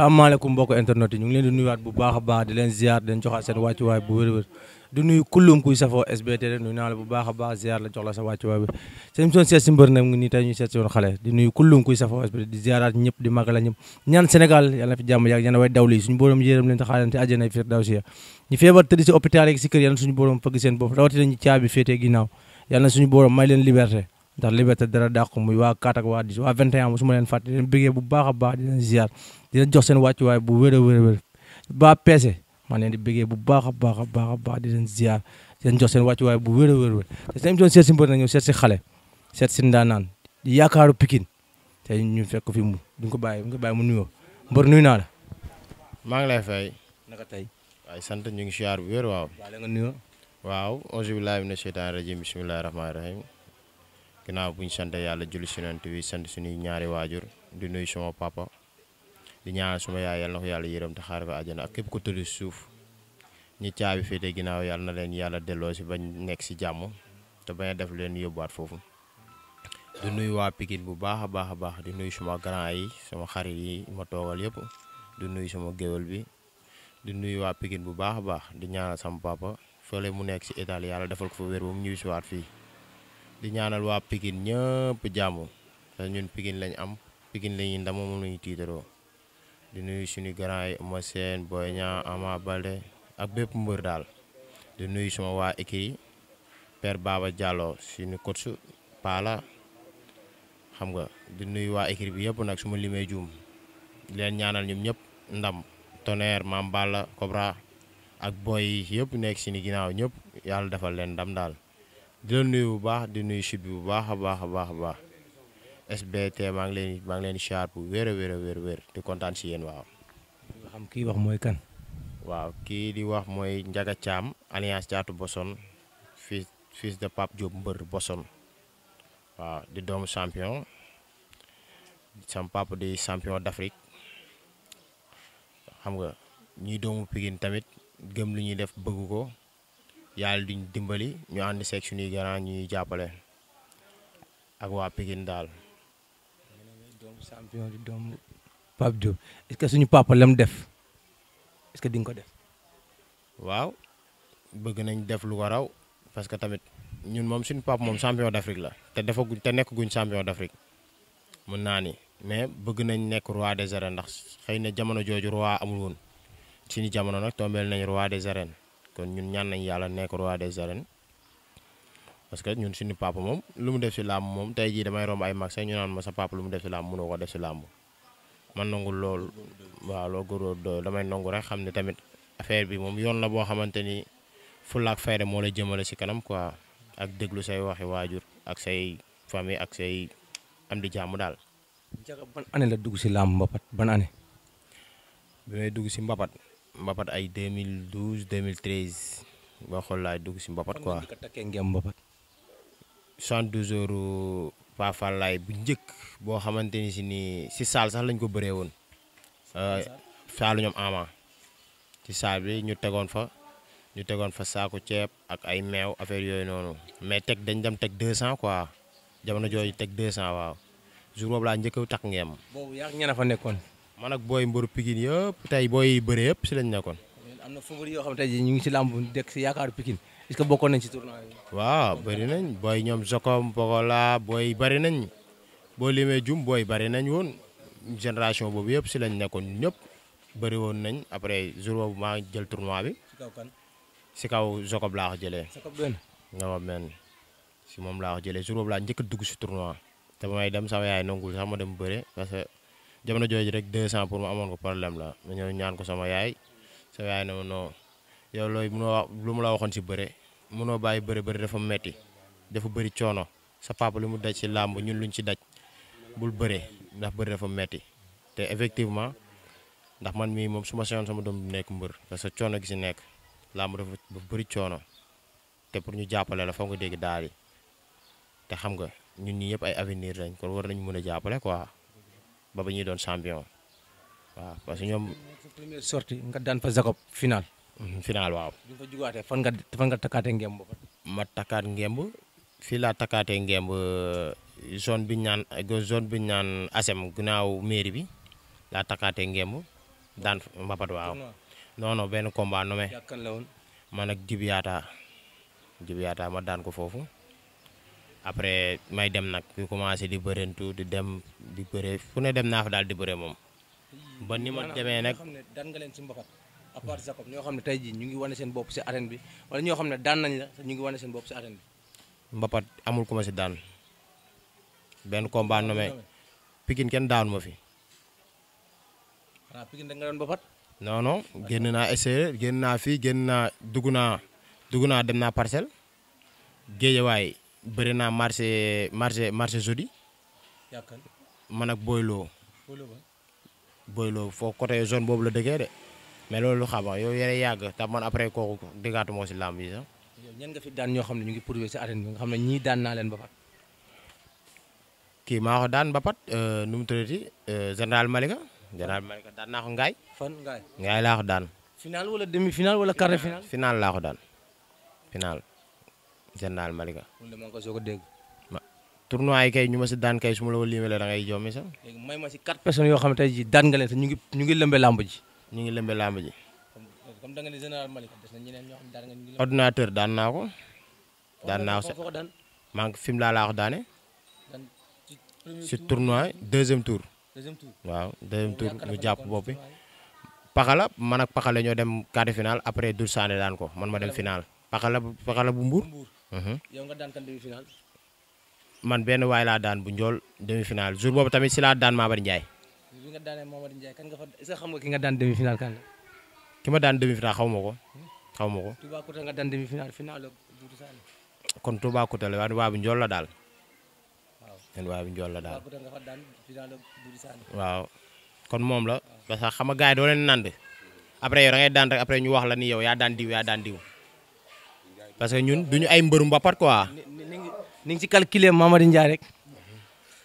salaamaaleykum mbokk internet yi leen di nuyuwaat bu baax a baax di leen ziar di leen joxaat seen wàccuwaay bu wér di nuyu kullum kuy safoo SBT rek nuyu naa la bu baax baax ziar la jox la sa wàccuwaay bi seen émission seet si mbër nag nii tey ñu seet si woon xale di nuyu kullum kuy safoo SBT di ziaraat ñëpp di màggal ñëpp ñaan Sénégal yàlla na fi jàmm yàgg ñaan way daw suñu borom yéeram leen te xaaral te àjjana fiir daw si ya ñu feebar tëdd si ndax liberté dara dàq muy waa 4 ak waa 10 waa 21 su ma leen fàtte leen bëggee bu baax a baax di leen ziar di leen jox seen wàccuwaay bu wér a wér a wér ba peese maa leen di bëggee bu baax a baax a baax a baax di leen ziar di leen jox seen wàccuwaay bu wér a wér a wér te seen émission seet na ñëw si xale seet si ndaanaan di yaakaaru Pikine te ñu fekk fi mu duñ ko bàyyi duñ ko bàyyi mu nuyoo mbër nuyu maa ngi lay fay. naka tey. waaye sant ñu ngi ziar bu wér waaw. waaw la nga nuyoo. waaw auzu billaahi mina sheytaani rajiim bismillaahi ginnaaw bu ñu sant yàlla julli si nant bi sant suñuy ñaari waajur di nuyu suma papa di ñaanal suma yaay na ko yàlla yërëm te xaar ko àjjana ak képp ku tëdd suuf ñi caabi fii te ginnaaw yàlla na leen yàlla delloo si bañ nekk si jàmm te bañ a def leen yóbbuwaat foofu. di nuyu waa pikin bu baax a baax a baax di nuy suma grand yi suma xarit yi ma toogal yëpp di nuy suma géwél bi di nuyu waa Pikine bu baax a baax di ñaanal sama papa fële mu nekk si Italie yàlla defal ko fa wér ba si waat fii. di ñaanal waa Pikine ñëpp jàmm te ñun Pikine lañ am Pikine lañuy ndama moom lañuy tiitaroo di nuyu suñu grand yi Eumeu Sène Boy Ama Baldé ak bépp mbër daal di nuyu suma waa écurie Père Baba Diallo suñu coach Pala xam nga di nuyu waa écurie bi yëpp nag suma limee juum leen ñaanal ñoom ñëpp ndam tonnerre Mame Balla Cobra ak boy yëpp nekk suñu ginnaaw ñëpp yàlla defal leen ndam daal di la nuyu bu baax di nuyu sub bi bu baax a baax a baax a baax SBT maa ngi leen maa ngi leen siyaar bu wéera a wér di kontaan si yéen waaw. nga xam kii wax mooy kan. waaw kii di wax mooy njaga Thiam alliance Thiatou Boson fils fiis de pap Diop mbër Boson waaw di doomu champion sam papa di champion d'Afrique xam nga ñuy doomu Pikine tamit gëm li ñuy def bëggu ko. yàlla duñ dimbali ñu ànd seeg suñuy garant ñuy jàppale ak waa Pikine daal. doomu champion di doomu suñu papa lam def est-ce que di ko def. waaw bëgg nañ def lu ko raw parce que tamit ñun moom suñu papa moom champion d'Afrique la te defaguñ te nekkaguñ champion d'Afrique mën naa ni mais bëgg nañ nekk roi des arènes ndax xëy na jamono jooju roi amul woon suñu jamono nag tombeel nañ roi des arènes. kon ñun ñaan nañ yàlla nekk roi des arènes parce que ñun suñu papa moom lu mu def si làmb moom tey jii damay romb ay mag sax ñu naan ma sa papa lu mu def si làmb mënoo ko def si làmb man nangu lool nangu rek xam ne tamit affaire bi moom yoon la boo xamante ni fulla ak fayda moo la jëmale si kanam quoi ak déglu say waxi waajur ak say famille am di jàmm daal. Ndiaga ban dugg si làmb mbapat ban année. bi may dugg si mbapat. mbapat ay deux 2013 boo xool laay dugg si mbapat quoi. mbapat. 72 heures Pafal laay bu njëkk boo xamante ni si nii si saal sax lañ ko bëree woon. Euh, saalu ñoom ama ci saal bi ñu tegoon fa ñu tegoon fa saaku ceeb ak ay meew affaire yooyu noonu mais teg dañ dem teg 200 quoi jamono jooju teg 200 waaw jour boobu laa njëkk a takk ngeem. boobu yaa ngi fa nekkoon. man ak booy mbëru Pikine yëpp tey booy yi bëre yëpp si lañ nekkoon. am na favori yoo xam tey jii ngi si làmb dekk si yaakaaru Pikine est-ce que bokkoon nañ si tournoi yi. waaw bëri nañ booy ñoom Jokom Pogola booy bëri nañ boo limee jum booy bëri nañ woon génération boobu yëpp si lañ nekkoon ñëpp bëri woon nañ après jour boobu maa jël tournoi bi. si kaw si kaw Jokom laa ko jëlee. Jokom si moom laa jëlee jour laa njëkk a si tournoi jamono jooju rek 200 pour ma amoon ko problème la ma ñëw ñaan ko sama yaay sa yaay na ma non lu mu la waxoon si bëre munoo bàyyi bëre bëre dafa metti dafa bëri coono sa papa li mu daj si làmb ñun luñ si daj bul bëre ndax bëre dafa metti te effectivement ndax man mii moom su ma seyoon sama doom du nekk mbër parce que coono gi si nekk làmb dafa dafa bëri coono te pour ñu jàppale la foog nga dégg daal yi te xam nga ñun ñii yëpp ay avenir lañ kon war nañu mën a jàppale quoi. ba ba ñuy doon champion waaw parce que ñoom. nga daan fa Jacob final. Mhm, final waaw. fan nga fan nga ngemb ma takaat ngemb fii laa takkaatee ngemb euh, zone bi ñaan zone bi ñaan asem ginnaaw mairie bi laa takaate ngemb daan mbapat waaw. non non benn combat nommé. man ak Dibiata Dibiata ma daan ko foofu. après may dem nag fi commencé di bërentu di dem di bëre fu ne dem naa fa daal di bëree moom. ba ni ma demee nag xam ne daan nga leen si mbapat à part Jacob ñoo xam ne tey jii ñu ngi wane seen bopp si arène bi wala ñoo xam ne daan nañ la ñu ngi wane seen mbapat amul ku ma si daan benn combat nommé Pikine kenn daanu ma fi. waaw Pikine da génn naa essayé génn naa fii génn naa dugg naa dugg naa dem naa parcelle géejawaay bëri naa marché marché marché jeudi. man ak Boylo. Boylo foo côté zone boobu la dëggee de mais loolu lu xabaar yow yéen yàgg te man après kooku déggaatu moo si làmb yi sax. yow nga fi daan ñoo xam ne ñu ngi prouvé si arène bi xam ne ñii daan naa leen ba pat. kii maa ko daan ba pat euh, nu mu tuddati euh, général Malika. général Malika daan naa ko Ngaye. fan Ngaye Ngaye laa ko daan. final wala demi final wala quart finaal final. final général Malika. loolu maa ngi ko soog a dégg. tournoi yi kay ñu ma si daan kay su ma la ko limalee da ngay jommi sax. léegi may ma si quatre yoo xam ne tey daan nga leen te ñu ngi ñu ngi lëmbe làmb ordinateur daan naa ko. daan naa ko daan maa fi mu laa laa ko daane. si tournoi deuxième tour. waaw deuxième tour mu jàpp bopp bi. Pakala man ak ñoo dem quart de finale après Dour Sané daan ko man ma dem finale. Pakala Pakala Mhm. yow nga daan kan man benn waay laa daan bu njool demi final jour boobu tamit si laa daan Mamadou Ndiaye. xam nga ki nga daan demi final kan ki ma daan demi final xaw ma ko. xaw ma ko. Toubacouta nga daan demi final final la Doudou kon bu njool la daal. waaw la la Doudou moom la. parce que xam nga gars yi doo nand. après yow da daan rek après ñu wax la ni yow yaa daan diw yaa daan diw. parce que ñun duñu ay mbërum ba pat quoi. ni ngi ci calculer Mamady Ndiaye rek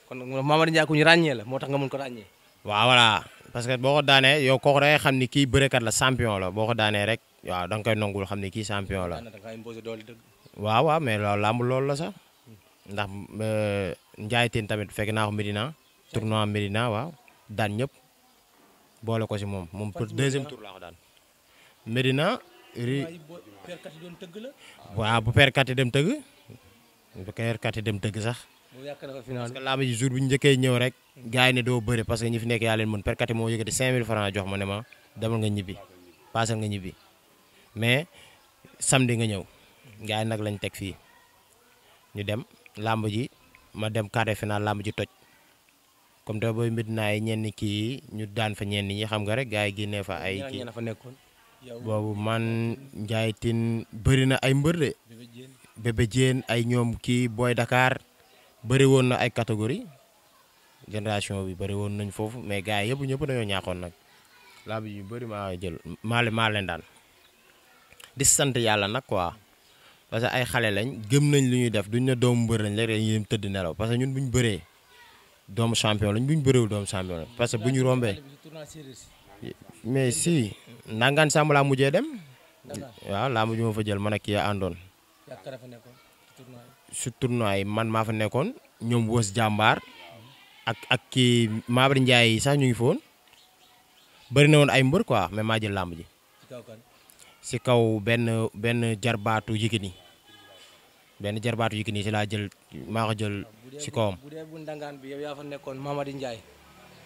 kon Mamady Ndiaye ku ñu ràññee la moo tax nga mun ko ràññee. waaw voilà parce que boo ko daanee yow kooku da ngay xam ni kii bërekat la champion la boo ko daanee rek waaw da nga koy nongul xam ni kii champion la. waaw waaw mais loolu làmb loolu la sax ndax euh, Ndiaye Tine tamit fekk naa ko Medina tournoi Medina waaw daan ñëpp boole ko si moom moom deuxième tour laa ko daan Medina perkat yi waaw bu perkat yi dem tëgg bu perkat yi dem tëgg sax. mu yàq parce que làmb ji jour bu ñu njëkkee ñëw rek. gars ne doo bëre parce que ñu fi nekk yaa leen mën perkat yi moo yëkkati 5000 francs jox ma ne ma demal nga ñibbi paasal nga ñibbi mais samedi nga ñëw gars nag lañ teg fii ñu dem làmb ji ma dem quart de làmb ji toj. comme te booy Medina yi ñenn kii ñu daan fa ni ñi xam nga rek gars yi génnee fa ay. kii fa nekkoon boobu man Ndiaye Tine bëri na ay mbër de Bébé Diène ay ñoom kii Boy dakaar bëri woon na ay catégorie génération bi bëri woon nañ foofu mais gars yi yëpp ñëpp dañoo ñaaxoon nag làmb yu bëri maa jël maa leen maa leen daan di sant yàlla nag quoi parce que ay xale lañ gëm nañ lu ñuy def duñ ne doomu mbër lañ rek dañuy dem tëdd nelaw parce ñun bu ñu bëree doom champion lañ bu ñu bëreewul doomu champion lañ parce bu ñu rombee mais si nangaan sàmm laa mujjee dem. waaw laa mujj ma fa jël man ak kii àndoon. su tournoi man maa fa nekkoon ñoom wës jàmbaar ak ak kii Mabri Ndiaye sax ñu ngi foon bëri na woon ay mbër quoi ma maa jël làmb si kaw benn benn jarbaatu Yékini benn jarbaatu Yékini si laa jël maa ko jël si ah, kawam. bu dee bu ndangaan nekkoon Mamadi Ndiaye.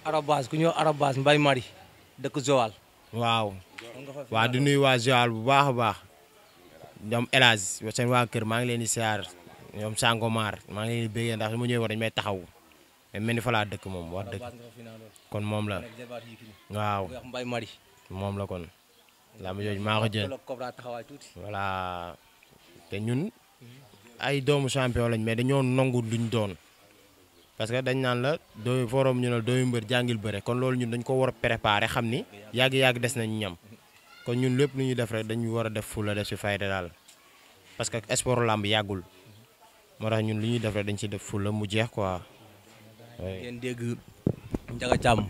Arabas ku ñëw Arabas Mbay Mari. dëkk Joal. waaw. waa di nuyu waa Joal bu baax a baax. ñoom El waa kër maa ngi leen di siyaar ñoom Sangomar maa ngi leen di béyee ndax su ma ñëwee war dañu may taxaw mais mel ni dëkk moom wax dëkk kon moom la. waaw moom la kon. làmb jooju maa ko jël voilà te ñun mhm. ay doomu champion lañ mais dañoo nangu luñ doon. parce que dañ naan la doomi forom ñu ne doomi mbër jàngil kon loolu ñun dañ ko war a préparer xam ni yàgg-yàgg des nañu ñam kon ñun lépp lu ñuy def rek dañu war a def fu la def si fay daal parce que sport làmb yàggul moo tax ñun lu ñuy def rek dañ si def fu mu jeex quoi. ngeen dégg Ndiaga Thiam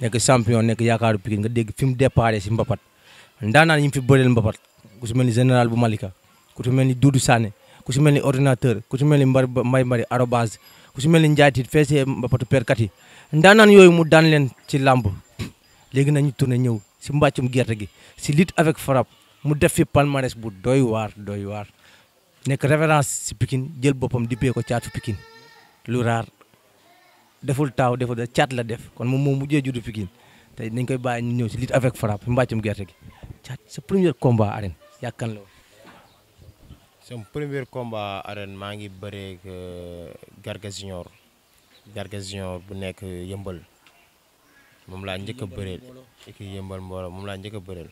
nekk champion nekk yaakaaru Pikine nga dégg fi mu déparé si Mbapat ndaanaan yi mu fi bëreel Mbapat ku si mel ni général bu Malika ku si mel ni Doudou Sané ku si mel ni ordinateur ku si mel ni Mbari Mbari Arobase ku si mel ni njaaytit feesee mbapatu perkat yi ndaanaan yooyu mu daan leen ci làmb léegi nañu tourné ñëw si mbàccum gerte gi si lutte avec frappe mu def fi palmarès bu doy waar doy waar nekk référence si Pikine jël boppam dippee ko caatu pikin lu raar deful taaw deful da caat la def kon moom moo mujjee juddu Pikine tey dañ koy baay ñu ñëw si lutte avec frappe si mbàccum gerte gi caat sa premier combat arène yàkkan la sama premier combat arène maa ngi bëreeg euh, Garga Junior Garga bu nekk yëmbal moom laa njëkk a bëreel ki yëmbal mbooloo moom laa njëkk a bëreel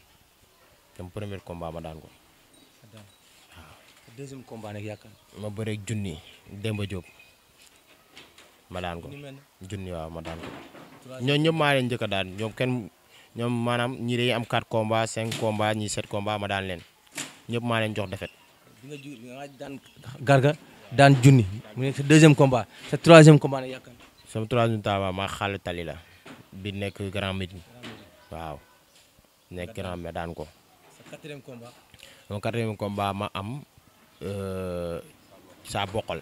sama premier combat ma daan ko waaw deuxième combat nag yaakaar ma bëreeg junni Demba Diop ma daan ko junni waaw ma daan ko ñëpp maa leen njëkk a daan ñoom kenn ñoom maanaam ñii dañuy am 4 combats 5 combats ñii 7 ma daan leen ñëpp maa leen jox defet bi nga ju nga daan garga daan junni mu nekk sa deuxième combat sa troisième combat nag yaakaar sama troisième tali la bi nekk grand midi waaw nekk grand midi daan ko sa quatrième combat ma am euh, saa boqal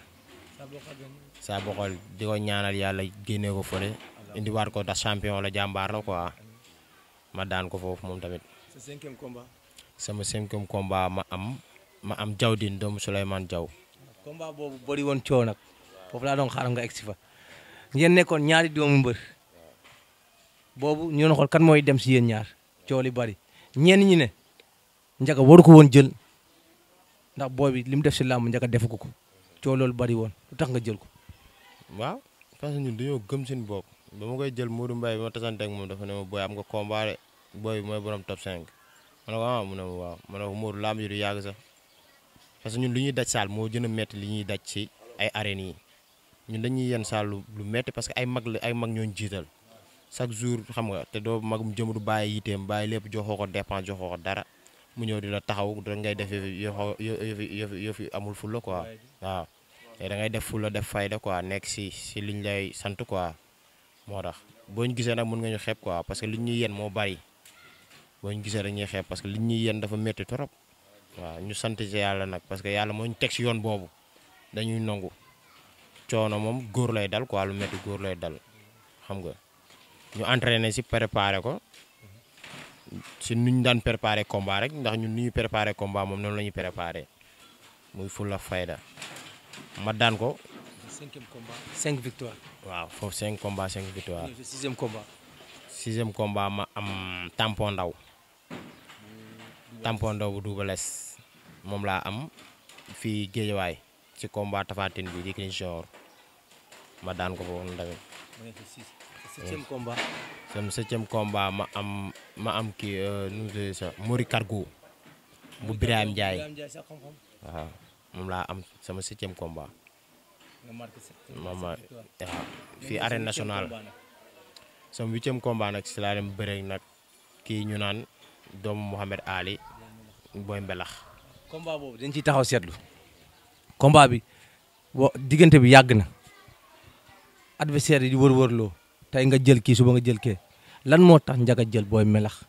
saa boqal di ñaanal yàlla génnee ko fële indiwaat ko ndax champion la jàmbaar la quoi ma daan ko foofu moom tamit sa sama cinquième ma am ma am Jawdin doomu Souleymane jaw combat boobu bëri woon coow nag foofu laa doon xaaral nga egsi fa ngeen nekkoon ñaari doomu mbër boobu ñu xool kan mooy dem si yéen ñaar coow li bëri ñenn ñi ne Ndiaga waru ko woon jël ndax booy bi li mu def si làmb Ndiaga defu ko ko loolu bëri woon lu tax nga jël ko. waaw parce que ñun dañoo gëm suñu bopp ba koy jël Modou Mbaye bi ma tasante ak moom dafa ne ma booy am nga combat de booy mooy borom top 5 ma ne ko ah, waaw ma ne ko Modou du yàgg sax. parce que ñun lu ñuy daj saal moo gën a métti li ñuy daj ci ay arènes yi ñun dañuy yenn saal lu métti parce que ay mag la ay mag ñooñu jiital chaque jour xam nga te doo magum jëm du bàyyi yiteem bàyyi lépp joxoo ko dépense joxoo ko mu ñëw di la taxaw da ngay def yoo yoo fi amul fula quoi waaw te da ngay def fula def fayda quoi nekk si si liñ lay sant quoi moo tax boo ñu gisee nag mun nga ñu xeeb quoi parce que liñ ñuy yen moo bari boo ñu gisee dañuy xeeb parce que liñ ñuy yen dafa métti torop waaw ñu sant ci yàlla nag parce que yàlla moo ñu teg si yoon boobu dañuy nangu coono moom góor lay dal ko lu métti góor lay dal xam nga ñu entraîné si préparé ko si nu ñu daan préparé combat rek ndax ñun ni ñu préparé combat moom noonu la ñuy préparé muy la fayda ma daan ko. cinquième combat cinq victoire. waaw foofu cinq combat cinq victoire. sixième combat. sixième combat ma am tampon ndaw. tampon bu Double moom laa am fii géejawaay ci combat Taphatine bi Yékini Junior ma daan ko fa woon tamit. ma nekk si Cargo euh, bu Birame Ndiaye waaw moom laa am sama septième combat. ma ma fii sama huitième combat nag si laa dem bëre nag kii ñu doomu Mouhamed Ali. booy mbelax. combat boobu dañ ciy taxaw seetlu. combat bi wa diggante bi yàgg na. adversaire yi di wër-wërloo tey nga jël kii ba nga jël kee lan moo tax njaga jël booy mbelax.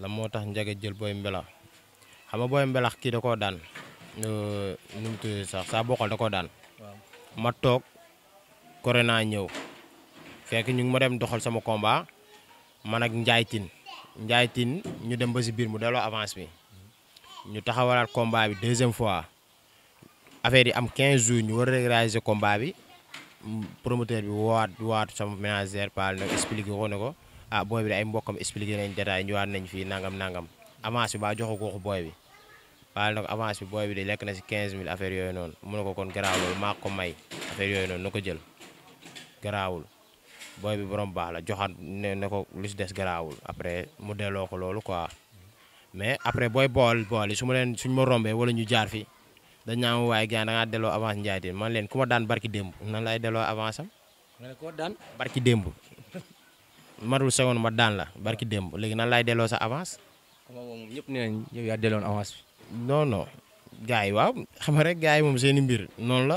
lan moo tax njaga jël booy mbelax xam nga booy mbelax kii da koo daan. Euh, nu mu sax saa bokkal da koo daan. ma toog corona ñëw fekk ñu ngi ma dem doxal sama combat man ak Njaay Ndiaye Tine ñu dem ba si biir mu delloo avance bi ñu taxawalaat combat bi deuxième fois affaire yi am 15 jours ñu war a réaliser combat bi promoteur bi woowaat waat sama ménagère Paal nag expliqué ko ne ko ah booy bi de ay mbokkam expliqué nañ détail ñëwaat nañ fii nangam nangam avance bi baa jox ko booy bi Paal nag avance bi booy bi de lekk na si quinze 15000 affaire yooyu noonu mu ne ko kon garaawul maa ko may affaire yooyu noon na ko jël garaawul. booy bi borom baax la joxaat ne ne ko lu si des garaawul après mu delloo ko loolu quoi mais après booy bool bool yi su ma leen suñ ma rombee wala ñu jaar fi dañ naa waaye gars da ngaa delloo avance Ndiaye man leen ku ma daan barki démb nan lay delloo avance am. nga ne koo daan barki démb. marul seconde ma daan la barki demb léegi nan lay delloo sa avance. xam nga moom ñëpp nee nañ yow yaa delloon avance bi. non waaw xam nga rek gars yi moom seen i mbir noonu la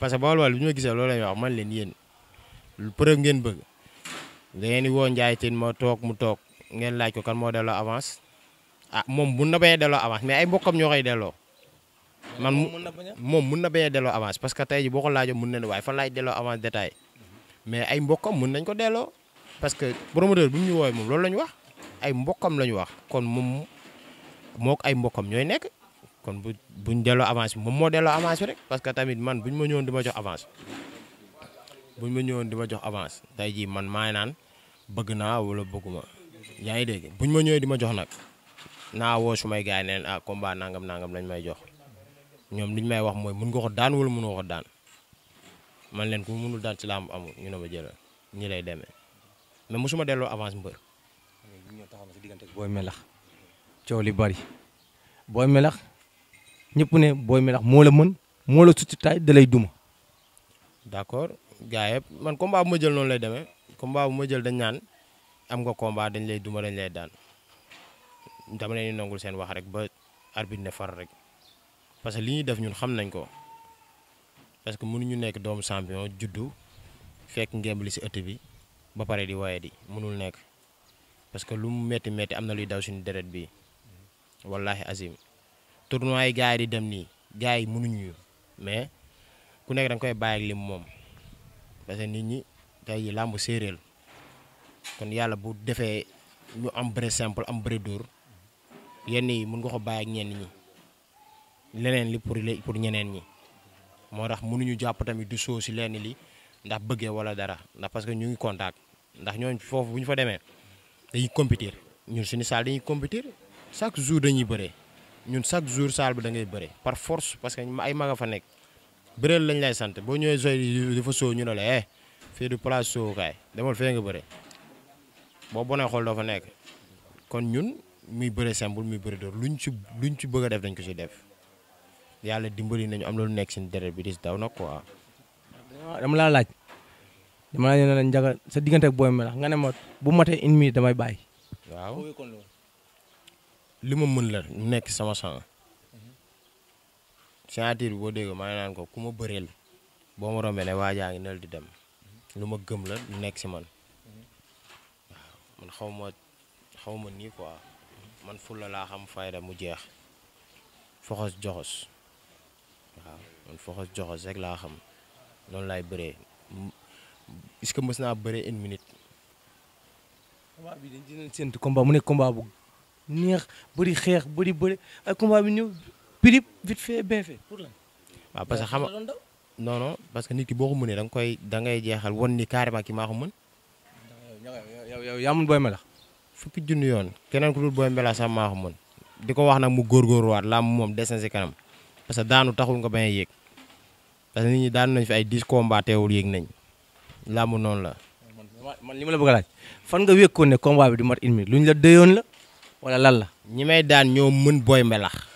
parce que bool bool bi ñu ma gisee loolu man leen yéen. lu preuve ngeen bëgg dangeen di woo Ndiaye Tine ma toog mu toog ngeen laaj ko kan moo delloo avance ah moom mun na bañ a mais ay mbokkam ñoo koy delloo. man moom mun na bañ a delloo avance parce que tey ji boo ko laajoon mun na ne waaye fan laay delloo avance détail mais ay mbokkam mun nañ ko delloo parce que promoteur bi mu ñu woowee moom loolu la wax ay mbokkam la ñu wax kon moom moo ko ay mbokkam ñooy nekk. kon bu buñ delloo avance bi moom moo delloo avance bi rek parce que tamit man buñ mo ñëwoon di ma jox avance buñ ma ñëwoon di ma jox avance tey jii man maay naan bëgg naa wala bëgguma yaa ngi dégg buñ ma ñëwee di ma jox nag naa woo su may gars yi neen ah combat nangam nangam lañ may jox ñoom liñ may wax mooy mun nga ko daan wala mënoo ko daan man leen ku mënul daan ci làmb amul ñu ne ma jëlal ñi lay deme mais mosuma delloo avance mbër. ñoo taxaw na si diggante booy melax coow li bari booy melax ñëpp ne booy melax moo la mën moo la suti taay da duma d'accord gaa yëpp man combat bu ma jël noonu lay demee combat bu ma jël dañ naan am nga combat dañ lay duma dañ lay daan dama leen di nangul seen wax rek ba arbitre ne far rek parce que li ñuy def ñun xam nañ ko parce que mënuñu nekk doomu champion juddu fekk ngemb li si ëtt bi ba pare di waaye di mënul nekk parce que lu mu métti métti am na luy daw suñu deret bi wallahi azim tournoi yi gars yi di dem nii gars yi mënuñu mais ku nekk da koy bàyyi lim moom. parce que nit ñi tey làmb séeréel kon yàlla bu defee ñu am bëre simple am bëre dóor yenn yi mun nga ko bàyyi ak ñenn ñi leneen li pour le pour ñeneen ñi moo tax munuñu jàpp tamit du soo si lenn li ndax bëggee wala dara ndax parce que ñu ngi contact ndax ñooñ foofu bu ñu fa demee dañuy compétir ñun suñu salle dañuy computer chaque jour dañuy bëre ñun chaque jour salle bi da ngay bëre par force parce que ay mag a fa nekk. bëreel lañ lay sant boo ñëwee sooy di fa soow ñu ne la eh fii du place soowukaay demal fee nga bëre boo bonee xool doo fa nekk kon ñun muy bëre simple muy bëre dóor luñ ci luñ ci bëgg a def dañ ko ci def yàlla dimbali nañu am loolu nekk si deret bi di daw nag quoi. dama laa laaj dama laa ne la njaga sa diggante ak booy melax nga ne ma bu matee une damay bàyyi. waaw li ma mën la nekk sama sang signature bi boo déggoo maa ngi naan ko ku ma bëreel boo ma rombee ne waajaa ngi nel di dem lu ma gëm la lu nekk si man waaw xaw ma xaw ma nii quoi man fulla laa xam fayda mu jeex foxos joxos waaw man foxos joxos rek laa xam noonu lay bëree est-ce mës naa bëree une minute. combat bi mu nekk combat neex bëri xeex bëri bëri ay combat bi ñëw. prip vite fait BF. pour parce que xam nga non non parce que nit ki boo ko mënee nga koy da ngay jeexal won ni carrément ki maa ko mën. yow yow yaa mën booy melax. fukki junni yoon keneen ku dul booy melax sax maa di ko wax nag mu góorgóorluwaat làmb moom des na kanam parce que daanu taxul nga bañ yéeg parce ñi daanu nañ fi ay 10 combats yéeg nañ làmb noonu la. man li ma la a laaj fan nga wékkoon ne combat bi du mat une minute luñ la déyoon la wala lan la. ñi daan ñoo mën booy melax.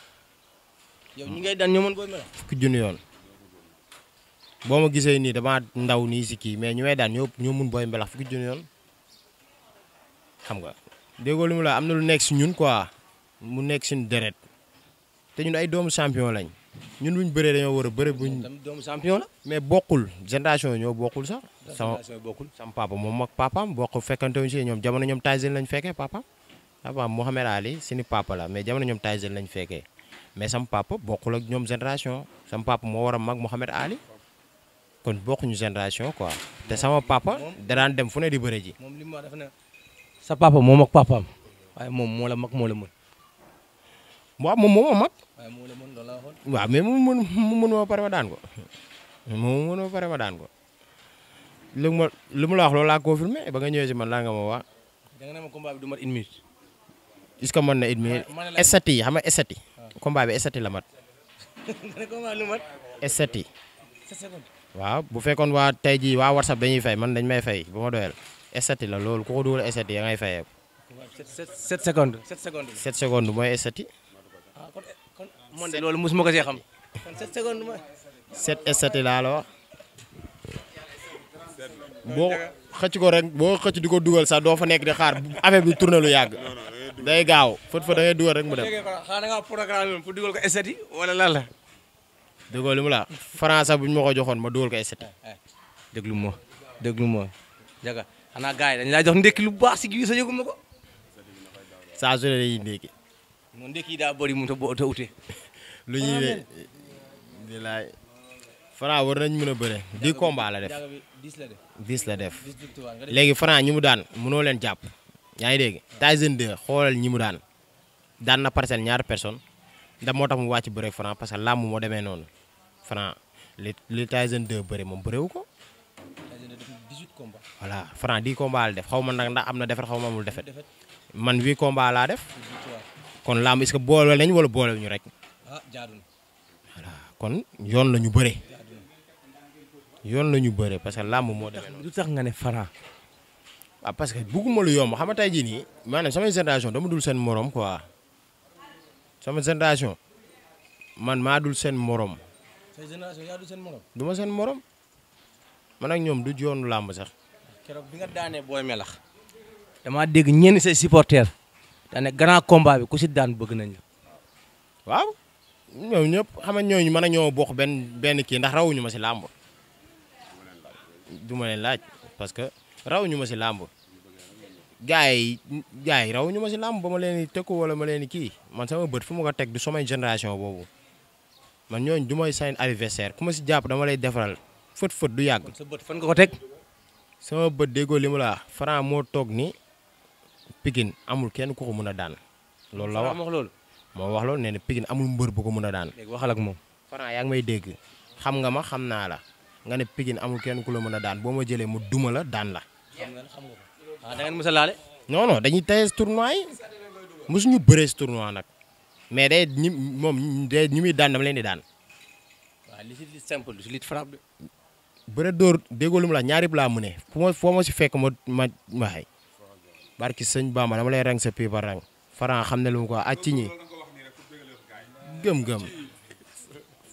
yow ñi ngay daan ñoo mën booy melax. fukki junni yoon boo ma gisee nii dama ndaw nii si kii mais ñu may daan ñoo ñoo mën booy melax fukki junni yoon xam nga déggoo li mu la am na lu nekk si ñun quoi mu nekk suñu deret te ñun ay doomu champion lañ ñun buñ bëree dañoo war a bëre buñ. doomu champion la. mais bokkul génération ñoo bokkul sax. sama bokkul sama papa moom ak papaam bokk fekkante wuñ si ñoom jamono ñoom Tyson lañ fekkee papa. waaw Mouhamed Ali suñu papa la mais jamono ñoom Tyson lañ fekkee. mais sam papa bokkul ak ñoom génération sam papa moo war a mag Mouhamed Ali kon bokkuñu génération quoi te sama papa danaan dem fu di bëre ji. moom li mu wax sa papa moo ak papaam waaye moom moo la mag moo la mën. moo mag. waaye la mën loolu waaw mais mu mën mu mën ma pare ma daan ko mu mën ma pare ma daan ko. lu ma lu mu la wax loolu laa confirmé si man laa nga ma wax. da nga ne ma mën na une minute. ma ne la combat bi estati la mat. combat waaw bu fekkoon waa tey jii waa WhatsApp dañuy fay man dañ may fay bu ma doyal estati la loolu ku ko dugal estati ya ngay fayee ko. 7 secondes 7 secondes. 7 secondes mooy estati. ah kon kon man de loolu mosuma ko see xam. kon 7 secondes mooy. boo xëcc ko rek boo xëcc di ko dugal sax doo fa nekk di xaar affaire bi tourné yàgg. day gaaw fët fa da ngay dugal rek mu dem. xanaa bu ñu ma ko joxoon ma dugal ko esthete yi. Eh, eh. déglu ma déglu ma. jaga yi dañu laa jox ndekki lu baax si gi sa yëgu ma ko. saa su ne dañuy ndekki. moom ndekki yi daa bëri mu ta boo ta lu ñuy ne di laay. Franc war nañ mën a bëre di combat la def. 10 def 10 la def daan mënoo leen jàpp. yaa ngi dégg Tyson 2 xoolal ñi mu daan daan na parcel ñaari personne da moo tax mu wàcc bëre Franc parce que làmb moo demee noonu Franc li li Tyson 2 bëre moom bërewu ko. Tyson 2 def na def xaw ma nag ndax am na defet xaw ma amul defet man wii combats laa def. kon làmb est-ce que boole nañ wala boole ñu rek. ah jaadu kon yoon la ñu bëre. yoon lañu ñu parce que làmb moo demee noonu. lu sax nga ne Franc. waaw ah, parce que buggumalu lu yomb xam nga tey jii nii maanaam sama génération dama dul seen morom quoi sama génération man maa dul seen morom. sa seen morom. du ma seen morom man ak ñoom du joonu làmb sax. keroog bi nga daanee booy melax. damaa dégg ñenn say supporters daane grand combat bi ku si daan bëgg nañ waaw ñoom ñëpp xam nga ñooñu mën a ñoo bokk benn benn kii ndax ñu ma si làmb. du leen laaj parce que raw ñu ma si làmb. gaa yi gars raw ñu ma si làmb ba ma leen teg ko wala ma leen di kii man sama bët fu ma ko teg du samay génération boobu man ñooñ du may seen anniversaire ku ma si jàpp dama lay defaral fët fët du yàgg. sa bët fan nga ko teg. sama bët déggoo li mu la Franc moo toog ni Pikine amul kenn ku ko mën a daan. loolu la wax loolu. moo wax loolu nee na Pikine amul mbër bu ko mën a daan. léegi waxal ak moom. Franc yaa may dégg xam nga ma xam naa la nga ne Pikine amul kenn ku la mën a daan boo ma jëlee mu duma la daan la. ah da ngeen mës a laale. non non dañuy teye tournoi yi mosuñu bëree tournoi nag mais day ñi moom day ñi muy daan dama leen di daan. waaw li si li simple li frappe. bëre dóor déggoo lu mu la ñaari laa mu ne fu ma foo ma si fekk ma ma waxee barki sëñ Bamba dama lay rang sa pipa rang Franc xam ne lu mu ko ah ci ñi gëm-gëm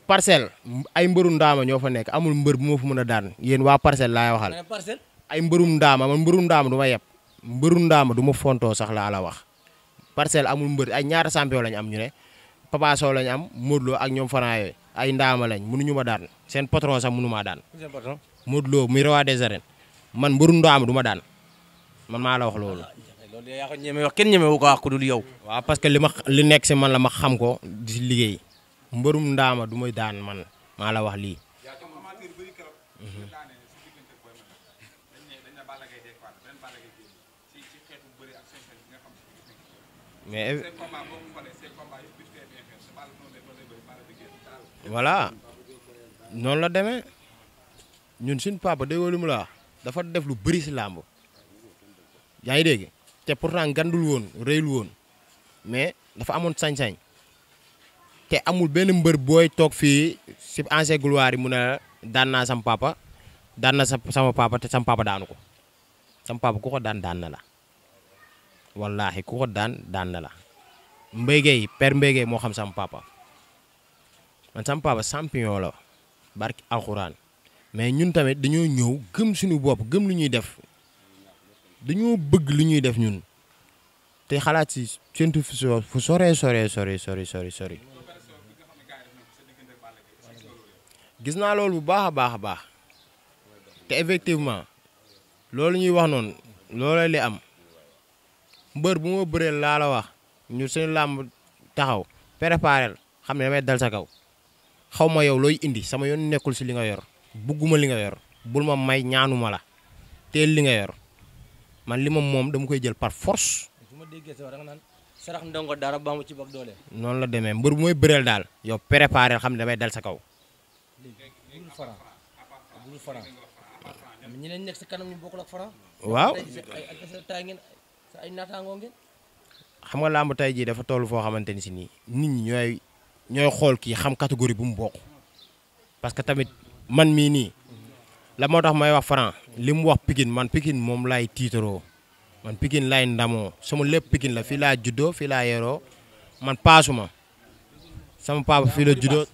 parcelle ay mbëru ndaama ñoo fa nekk amul mbër bu ma fa mën a daan yéen waa parcelle laay waxal. ay mbërum ndaama man mbërum ndaama du ma yeb mbërum ndaama du ma fontoo sax laa la wax parcelle amul mbër ay ñaata champion am ñu ne am Modou Lo ak ay ndaama lañ mënuñu ma daan seen patron sax mënu daan. seen man mbërum ndaama du ma daan man maa la wax loolu. loolu yaa que li ma li nekk si man ma xam ko di liggéey mbërum mais voilà noonu la deme ñun suñ papa déggoo li la dafa def lu bëri si làmb yaa ngi dégg te pourtant gandul woon rëyul woon mais dafa amoon sañ-sañ te amul benn mbër booy toog fii si ancien gloire yi mu na daan naa sam papa daan na sa sama papa te sam papa daanu ko sam papa ku ko daan daan la wallaahi ku ko daan daan na la mbéygéey père mbéygéey moo xam sam papa man sampion la barki alxuraan mais ñun tamit dañoo ñëw gëm suñu bopp gëm lu ñuy def dañoo bëgg lu ñuy def ñun te xalaat si séntu fu sore sore sori sori sori sori gis naa loolu bu baax a baax a baax te effectivement loolu ñuy wax noonu looloo li am mbër bu ma bëreel laa la wax ñu suñu làmb taxaw préparel xam ne damay dal sa kaw xaw ma yow looy indi sama yoon nekkul si li nga yor bugguma li nga yor bul ma may ñaanuma la teel li nga yor man li ma moom dama koy jël par force. su ma déggee sa da nga naan dara ba mu ci bokk doole. noonu la demee mbër bu bëreel daal yow préparel xam ne damay dal sa kaw. waaw ay naataangoo ngeen. xam nga làmb tey jii dafa toll foo xamante ni si nii nit ñi ñooy ñooy xool kii xam catégorie bu mu bokk parce que tamit man mii nii la moo tax may wax Franc li mu wax Pikine man Pikine moom laay tiitaroo man Pikine laay ndamoo sama lépp Pikine la fii laa juddoo fii laa yeroo man paasuma sama papa fii la juddoo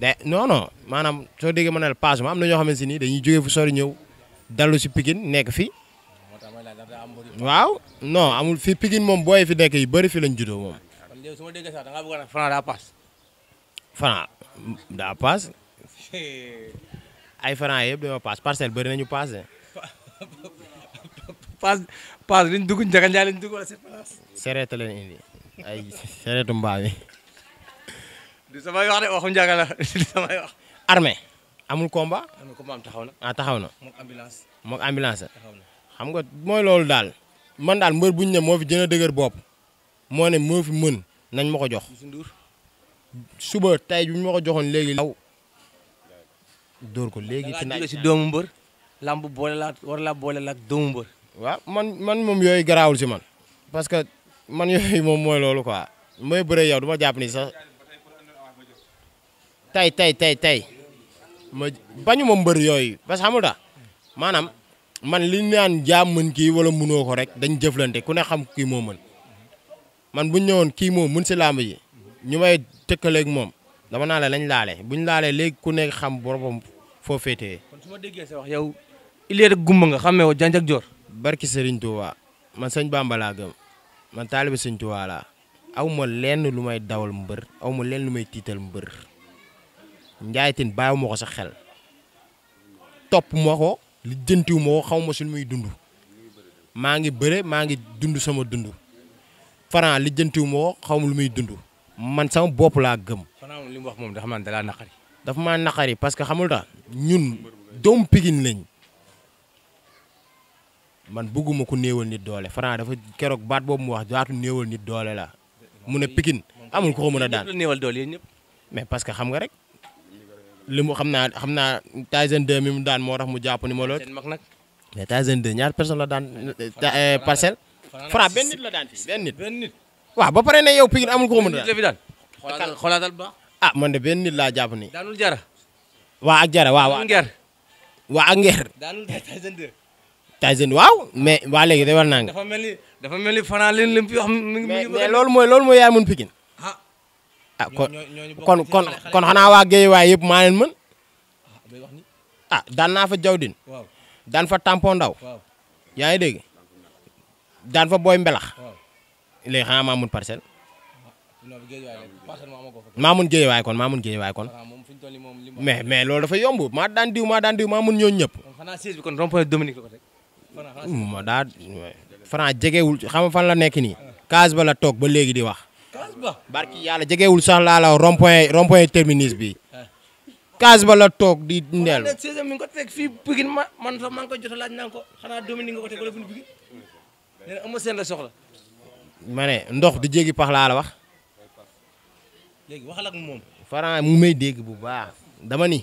de non non maanaam soo déggee ma ne la paasuma am na ñoo xamante si nii dañuy jógee fu sori ñëw dallu si Pikine nekk fi waaw non amul fi Pikine moom booy fi nekk yu bëri fi lañ juddoo moom. kon léegi su ma déggee sax daa paas. Franc daa paas ay Franc yëpp dañoo paas parcelle bëri nañu paas de. paas paas liñ dugg wax de waxu amul combat. amul taxaw na. Ah, taxaw na. moog ambulance. moog ambulance. taxaw na man daal mbër bu ñu ne moo fi gën a dëgër bopp moo ne moo fi mën nañ ma ko jox suba tay bi ñu ma ko joxoon léegi. daw dóor ko léegi. ci si doomu mbër. lamb boole laa war laa boole laa doomu mbër. waaw man man moom yooyu garaawul si man. parce que man yooyu moom mooy loolu quoi mooy bëre yow du ma jàpp ni sax tey tey tey tey ma bañu ma mbër yooyu parce que xamul da maanaam. man li ñu naan jaam kii wala mënoo rek dañ jëflante ku ne xam kii moo mën man bu ñu kii moo mën si làmb yi ñu may tëkkaleeg moom dama naa la lañ laale bu ñu laalee léegi ku nekk xam borom foo féetee. kon déggee sa wax yow. il est nga xamee woo janj ak joor. barki Serigne Touba man sëñ Bamba laa gëm aw ma lenn lu may dawal mbër aw ma lenn lu may tiital mbër njaaytin bàyyiwuma ko sa xel li jëntiw moo xaw ma su muy dund maa ngi bëre maa ngi dund sama dund Franc li jëntiw moo xaw ma lu muy dund man sama bopp laa gëm. Franc li mu wax moom dafa man dalaa naqari. dafa maa naqari parce que xamul tax ñun doom Pikine lañ man bëgguma ko néewal nit doole Franc dafa keroog baat boobu mu wax jaatu néewal nit doole la mun ne Pikine amul ko ko mën a daan néewal doole ñëpp mais parce que xam nga rek. li mu xam naa xam naa Tyson 2 mi mu daan moo tax mu jàpp ni ma lool. mais Tyson 2 ñaar personne la daan eh, parcelle. Fra benn nit la daan fii benn nit. benn nit ba pare ne yow Pikine amul ko mu daan. xoolaatal ba ah man benn nit laa jàpp ni daanul jara. waa ak jara waaw. waa ak ngeer. daanul Tyson 2. waaw mais waa léegi de war naa nga. dafa mel ni dafa mel ni Fra leen lim loolu mooy loolu mooy yaay mun ah kon kon kon kon xanaa waa Guédiawaye yëpp maa leen mën ah, ah daan naa fa jawdin daan fa tampon ndaw yaa ngi dégg daan fa booy mbelax léegi xanaa maa mun ah, parcelle maa mun Guédiawaye kon maa mun Guédiawaye kon mais mais loolu dafa yomb maa daan diw maa daan diw maa mun ñooñu ñëpp. ma daa Franc jegewul xam nga fan la nekk nii. Ah. case ba la toog ba léegi di wax. kaas ba barki yàlla jegewul sax la rond point rond terminus bi kaas ba la toog di ndeel seize mi ko teg fii Pikine ma man sax maa ngi koy jot a ko xanaa Dominique nga ko teg wala seen la soxla ma ne ndox di jéggi pax laa la wax léegi waxal ak moom Franc mu may dégg bu baax dama ni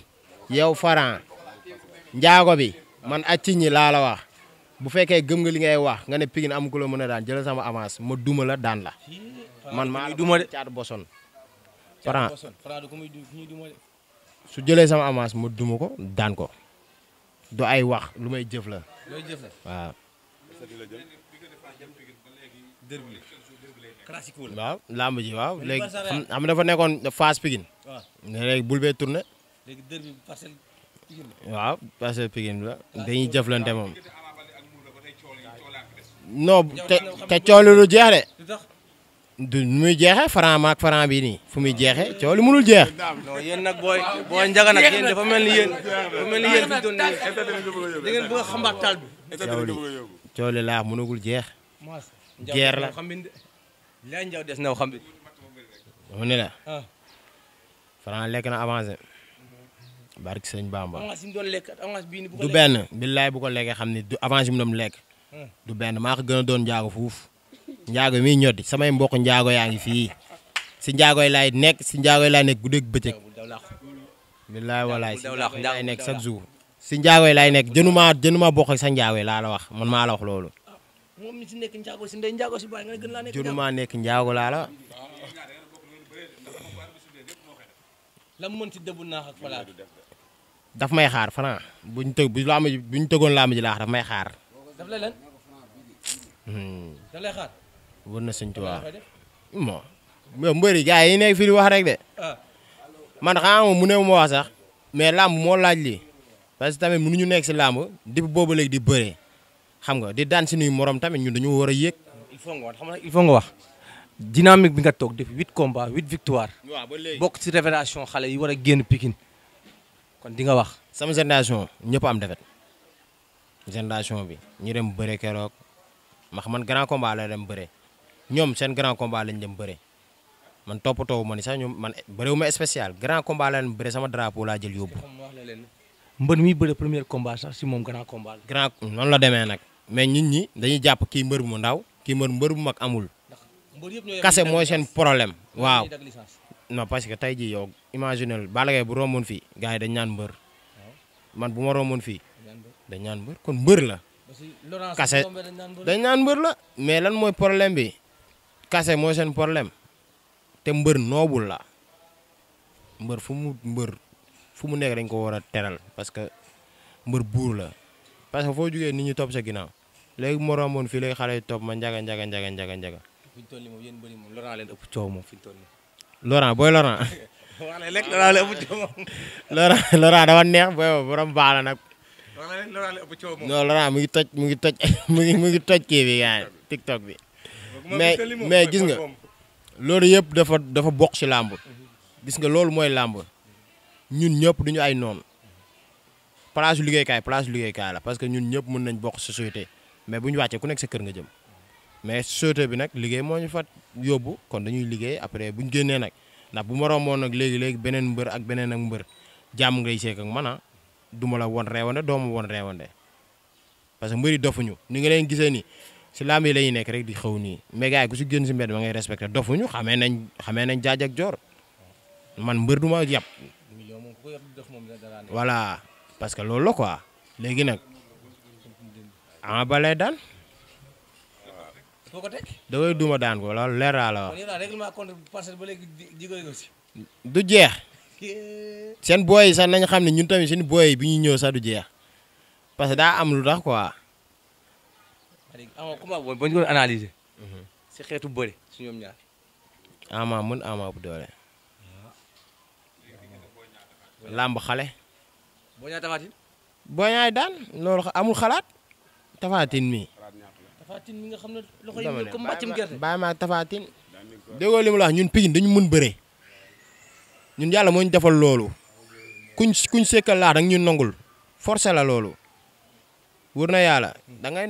yow Franc njaago bi man ak ci laa la wax bu fekkee gëm nga li ngay wax nga ne na am ku la mën a daan jëlal sama avance ma duma la daan la man maa la duma de caatu boson. Franc su jëlee sama avance ma ko daan ko du ay wax lu may jëf la. looy jëf la làmb ji waaw léegi xam nga dafa nekkoon phase Pikine. ne léegi bul bee tourné. léegi dër bi parcelle Pikine la. waaw parcelle Pikine moom. de. mu muy jeexee franc maak franc bi nii fu muy jeexee coow li mënul nag booy booy njaga nag yéen dafa mel ni yéen dafa mel a xambaat taal bi. coow li coow li laa mënagul jeex. jeer la laa njaw des bi. mu la. Ah. franc lekk na avancé. barke sëñ Bamba. du benn billaay bu ko lekkee xam ni du avance bi mu doon lekk. Ah. du gën doon njaago fuuf. njaago miy ñoddi samay mbokk njaago yaa ngi fii si njaagoy laay nekk si njaagoy laay nekk guddeeg bëccëg billaay walaay si njaagoy laay nekk chaque si njaagoy laay nekk jënumaa jënumaa bokk ak sa njaagoy laa la wax man maa la wax loolu jënumaa nekk njaago laa la lan mën may xaar Franc buñ tëg bu laa ma buñ tëgoon laa ma ji may xaar wër na sëñ Tuubaa bon yow mbëri gars yi nekk fii di wax rek de ah. man xam mu ne ma wax sax mais lamb moo laaj li parce que tamit ñu nekk si làmb depuis boobu léegi di bëree xam nga di daan si nuy morom tamit ñun dañu war a yéeg. il faut nga wax nga wax dynamique bi nga toog def huit combats huit victoire. waaw ba léegi bokk si révélation xale yi war a génn Pikine kon di nga wax. sama génération ñëpp am defet génération bi ñu dem bëre keroog max man grand combat la dem bëre. ñoom seen grand combat lañ dem man toppatoo ma ni sax ñoom man bëreewu ma spécial grand combat la leen bëre sama drapeau laa jël yóbbu. mbër mi bëre premier combat sax si moom grand combat la. la demee nag mais nit ñi dañuy jàpp kii mbër mu ndaw kii mbër mbër bu mag amul. kase mooy seen problème waaw. non parce que tey jii yow imaginel Balla Gaye bu romboon fii gars yi dañ ñaan mbër man bu ma romboon fii dañ ñaan mbër kon mbër la. kase dañ ñaan mbër la mais lan mooy problème bi. kase mooy seen problème te mbër noobul la mbër fu mu mbër fu mu nekk dañ ko war a teral parce que mbër buur la parce que foo jugee nit ñi topp sa ginnaaw léegi moo romboon fii léegi xale yi topp ma njaga njaga njaga njaga njaga. fi ñu toll nii moom yéen TikTok bi. mais mais gis nga loolu yëpp dafa dafa bokk si làmb gis nga loolu mooy làmb ñun ñëpp duñu ay noonu place liggéeykaay place liggéeykaay la parce que ñun ñëpp mun nañ bokk société mais bu ñu wàccee ku nekk sa kër nga jëm mais société bi nag liggéey moo ñu fat yóbbu kon dañuy liggéey après bu ñu génnee nag ndax bu ma romboon nag léegi léegi beneen mbër ak beneen ak mbër jàmm nga seek ak man ah, duma la won reewande doomu won reewande parce que mbëri dofuñu ni si laam yi la ñuy nekk rek di xaw nii mais gars yi ku si génn si mbedd ma ngay respecté dofuñu xamee nañ xamee nañ jaaj ak joor man mbër du ma yàpp voilà parce que loolu la quoi léegi nag ama ba lay daan da koy duma daan ko loolu leer naa la wax du jeex seen booy yi sax nañ xam ne ñun tamit seen booy bi ñuy ñëw sax du jeex parce que daa am lu tax quoi Ama combat boobu ba ñu ko si xeetu bëri si Ama mën Ama bu doole. làmb xale. boo ñaay tafaatin. boo ñaay daan loolu amul xalaat. tafaatin mi. tafaatin mi nga xam ne loxo yi mel comme mbàccum gerte. bàyyi ma tafaatin. déggoo li mu la ñun Pikine dañu mun bëre. ñun yàlla moo ñu defal loolu. kuñ kuñ sekkal laa rek ñu nangul. forcé la loolu. wër na yàlla da ngay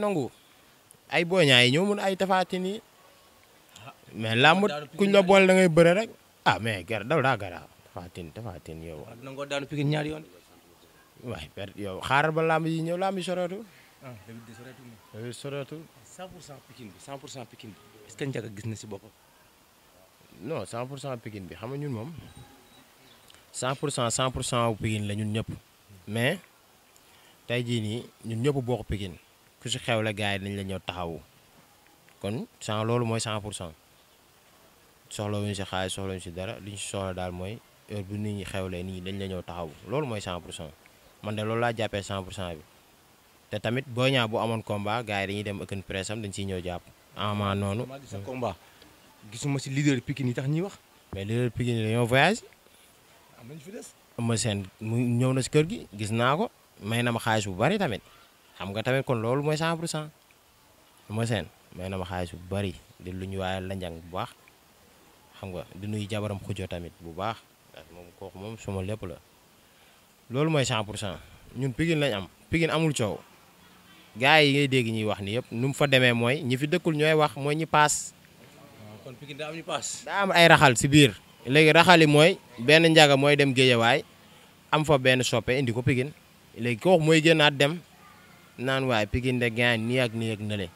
ay booñaa yi ñoo mun ay tafaatin yi ah. mais làmb kuñ la boole da ngay bëre rek ah mais gar daw daa garaaw tafaatin tafaatin yow. waaw ah, dina ko daanu pikin ñaari yoon. waay perte yow xaaral ba làmb yi ñëw làmb yi soreetu. ah David de cent pikin bi 100 pour cent pikin bi est-ce que gis na si boppam. non 100 pour cent pikin bi xam nga ñun moom pour cent 100 cent wu la ñun ñëpp mais tey jii nii ñun ñëpp bokk pikin. ku si xew la gars yi dañ la ñëw taxawu kon sans loolu mooy cent pour cent soxlawuñ si xaalis soxlawuñ si dara liñ si soxla daal mooy heure bu nit ñi xewlee ñi dañ la ñëw taxawu loolu mooy cent pour cent man de loolu laa jàppee cent pour cent bi te tamit Boy Niang bu amoon combat gars yi dañuy dem ëkkan presse am dañ siy ñëw jàpp ama noonu gisuma si leader Pikine yi tax ñuy wax mais leader Pikine yi dañoo voyage am seen mu ñëw na si kër gi gis naa ko may na ma xaalis bu bari tamit xam nga tamit kon loolu mooy 100 pour cent ma na ma xaalis bu bari di lu ñu waaye la njàng bu baax xam nga di nuy jabaram xujo tamit bu baax moom kooku moom suma lépp la loolu mooy 100 pour cent ñun Pikine lañ am Pikine amul coow gars yi ngay dégg ñuy wax ni yëpp nu mu fa demee mooy ñi fi dëkkul ñooy wax mooy ñi paas. kon Pikine daa am ay raxal si biir léegi raxal yi mooy benn njaga mooy dem géejawaay am fa benn soppe indi ko Pikine léegi kooku mooy génnaat dem. naan waay Pikine de gain nii ak nii ak nële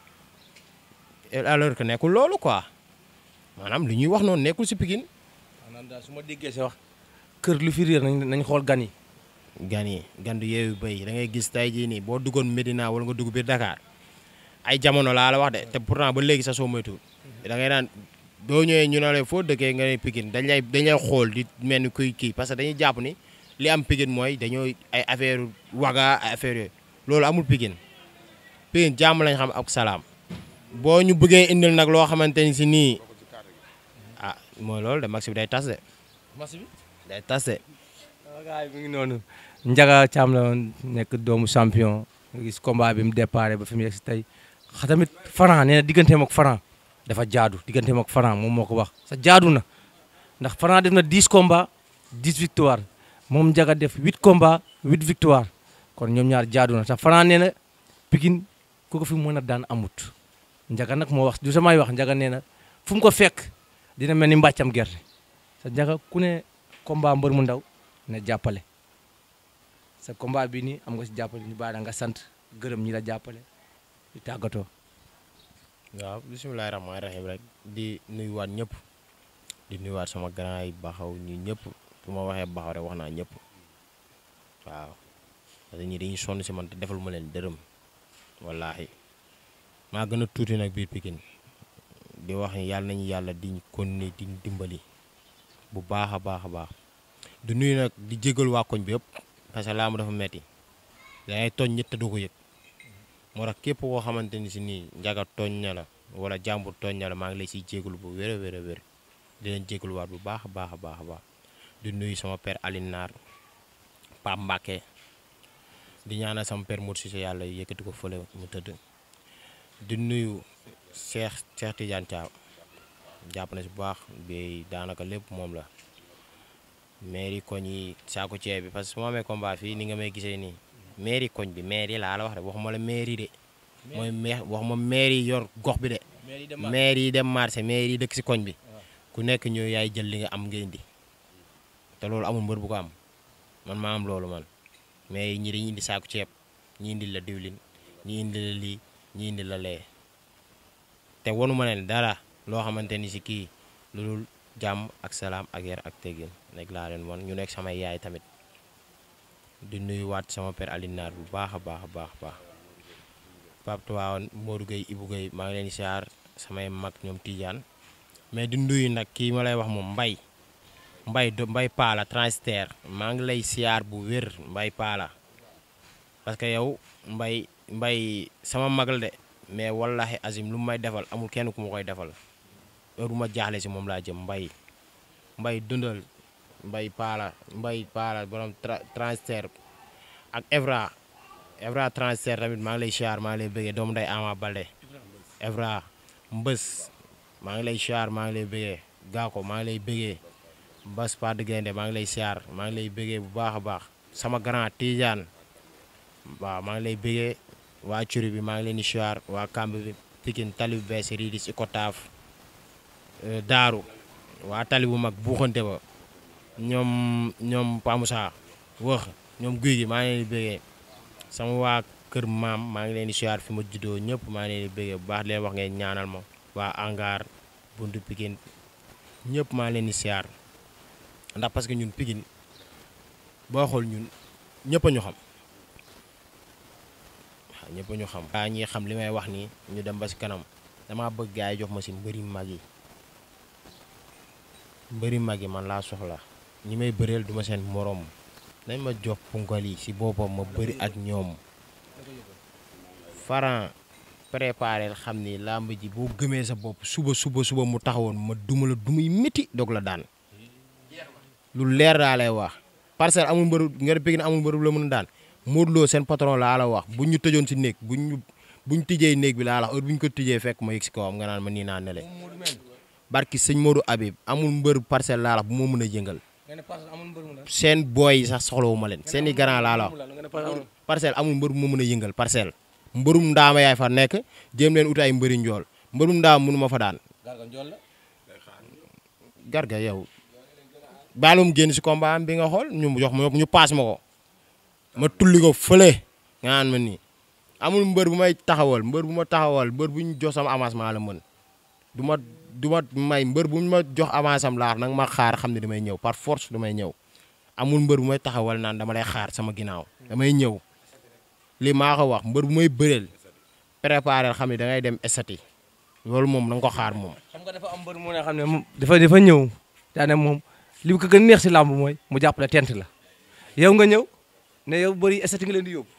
alors que nekkul loolu quoi maanaam lu ñuy wax noonu nekkul si pikin maanaam daal su ma déggee si wax kër lu fi na nañ nañ xool gan yi. gan yi gan du yeewu béy da ngay gis tey jii nii boo duggoon Medina wala nga dugg biir Dakar ay jamono laa la wax de te pourtant ba léegi sa soo moytuwul da ngay naan doo ñëwee ñu ne la foo dëkkee nga ne dañ lay dañ lay xool di mel ni kuy kii parce que dañuy jàpp ni li am Pikine mooy dañoo ay affaire waga ay affaire yooyu. loolu amul Pikine Pikine jàmm lañ xam ak salaam boo ñu bëggee indil nag loo xamante ni si nii ah mooy loolu de match bi day tas de. match bi day tas de. waaw ah, mi ngi noonu. Ndiaga Thiam nekk doomu champion gis komba bi mu déparé ba fi mu yegg si tey xa tamit Franc nee na digganteem dafa jaadu digganteem ak Franc moom moo ko wax sa jaadu na ndax Franc def na 10 combats 10 victoires moom Ndiaga def 8 combats 8 victoires. kon ñoom ñaar jaadu na te Franc nee na Pikine ko fi mën a daan amut njaga nag moo wax du samay wax njaga nee na fu ko fekk dina mel ni mbàccam gerte sa njaga ku ne combat mu ndaw ne jàppale sa combat bi nii am nga si jàppale ñu baax nga sant gërëm ñi la jàppale di tàggatoo. waaw bisimilah rahmaani rahiim rek di nuyuwaat ñëpp di nuyuwaat sama grand yi baxaw ñi ñëpp bu ma waxee baxaw rek wax naa ñëpp waaw. parce que ñii dañuy sonn si man te defal ma leen dërëm wallaahi maa gën a tuuti nag biir Pikine di wax ni yàlla nañu yàlla di continuer di dimbali bu baax a baax a baax du nuyu nag di jégal waa koñ bi yëpp parce que laa dafa metti da ngay tooñ ñett doo ko yëg képp koo xamante ni si nii njaga tooñ na la wala jàmbur tooñ na la maa ngi lay siy jégalu bu wér a wér a wér di leen jégaluwaat bu baax a baax a baax a baax di nuyu sama père Alioune Naar Pape di ñaanal sama père si Cissé yàlla yëkkati ko fële mu tëdd di nuyu Cheikh Cheikh Tidiane Thiam jàpp na bu baax bi daanaka lépp moom la mairie koñ yi saako ceeb bi parce que su ma amee combat fii ni nga may gisee nii mairie koñ bi mairie laa la wax de waxuma la mairie de mooy maire waxuma mairie yor gox bi de. mairie yi dem marché mairie yi dëkk si koñ bi ku nekk ñëw yaay jël li nga am nga indi te loolu amul mbër bu ko am man maa am loolu man. mais ñi dañuy indi saaku ceeb ñi indi la diwlin ñi indi la lii ñi indi la lee te wanu ma leen dara loo xamante ni si kii lu dul jàmm ak salaam ak yar ak teggin nekk laa leen wan ñu nekk sama yaay tamit di nuyuwaat sama père alinaar bu baax a baax a baax baax Pape Tuwaawan Modou Gueye Ibou Gueye maa ngi leen di siyaar samay mag ñoom Tidiane mais di nuyu nag kii ma lay wax moom mbay mbay do mbay paala transitaire maa ngi lay siyaar bu wér mbay paala parce que yow mbay mbay sama mag de mais wallahi azim lu may defal amul kenn ku ma koy defal heure bu si moom laa jëm mbay mbay dundal mbay paala mbay paala borom transitaire ak Evra Evra transitaire tamit maa ngi lay siyaar maa ngi lay bëggee doomu nday Ama Baldé Evra mbës maa ngi lay siyaar maa ngi lay bëggee gaako maa ngi lay bëggee Bass Paa de maa ngi lay siyaar maa ngi lay bëggee bu baax a baax sama grand Tidiane waaw maa ngi lay bëggee waa curi bi maa ngi leen di siyaar waa kamb bi Pikine tali bu bees si Ikotaaf euh, Daaru waa tali bu mag buuxante ba ñoom ñoom Pamoussa wax ñoom guy gi maa ngi leen di bëggee sama waa kër maam maa ngi leen di siyaar fi ma juddoo ñëpp maa ngi leen di bëggee bu baax leen wax ngeen ñaanal ma waa angaar buntu Pikine ñëpp maa ngi leen di siyaar ndax parce que ñun Pikine boo xool ñun ñëpp a ñu xam waaw ñëpp ñu xam. waaw ñi xam li may wax nii ñu dem ba si kanam damaa bëgg gars jox ma si mbëri mag yi mbëri mag yi man laa soxla ñi may bëreel duma seen moroom nañ ma jox punkal yi si boppam ma bëri ak ñoom faran préparé xam ni làmb ji boo gëmee sa bopp suba suba suba mu taxawoon ma duma la du muy dog la daan. lu leer daa lay wax parcelle amul mbër nga Pikine amul mbër la mën a daan Modou seen patron laa wax buñ ñu tëjoon si néeg buñ ñu buñ tijjee néeg bi laa la wax ko tijjee fekk ma yëg si kawam ma nii naa sëñ Modou Habib amul mbër parcelle la bu moo mën a yëngal seen booy sax soxlawu ma leen seen i garant laa la mbër bu mën a yëngal parcelle mbërum ndaama yaay fa nekk jéem leen ut ay mbëri njool mbërum ndaama mënu ma fa daan yow baalum génn si combat am bi nga xool ñu jox ma ñu paas ma ko ma ko fële nga ma nii amul mbër bu may taxawal mbër bu ma taxawal mbër bu ñu jox sama avancement la mën du ma du may mbër bu ma jox avance am laax nag ma xaar xam ne damay ñëw par force damay ñëw amul mbër bu may taxawal naan dama lay xaar sama ginnaaw damay ñëw li maa wax mbër bu may bëreel préparer xam ne da ngay dem estati loolu moom na nga ko xaar moom. xam li ko gën neex si làmb mooy mu jàppale tent la yow nga ñëw ne yow bëri eset nga leen di yóbbu.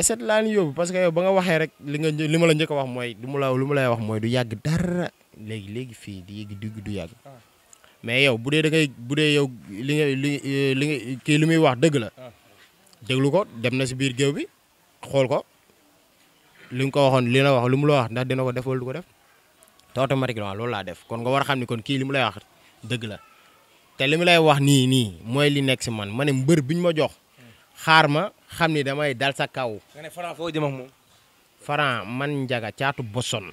eset laa ni yóbbu parce que yow ba nga waxee rek li nga li ma la njëkk wax mooy du mu lu mu lay wax mooy du yàgg dara léegi léegi fii di yéegi digg du yàgg. Ah. mais yow bu dee da ngay bu dee yow li li li kii li muy wax dëgg la ah. déglu ko dem na si biir géew bi xool ko li nga ko waxoon li na wax lu mu la wax ndax dina ko def wala du ko def te automatiquement loolu laa def kon nga war a xam ni kon kii li mu lay wax dëgg la te li mu lay wax nii nii mooy li nekk si man ma ne mbër bi ma jox xaar ma xam ni damay dal sa kaw. nga ne foo jëm moom. Franc man njaga caatu boson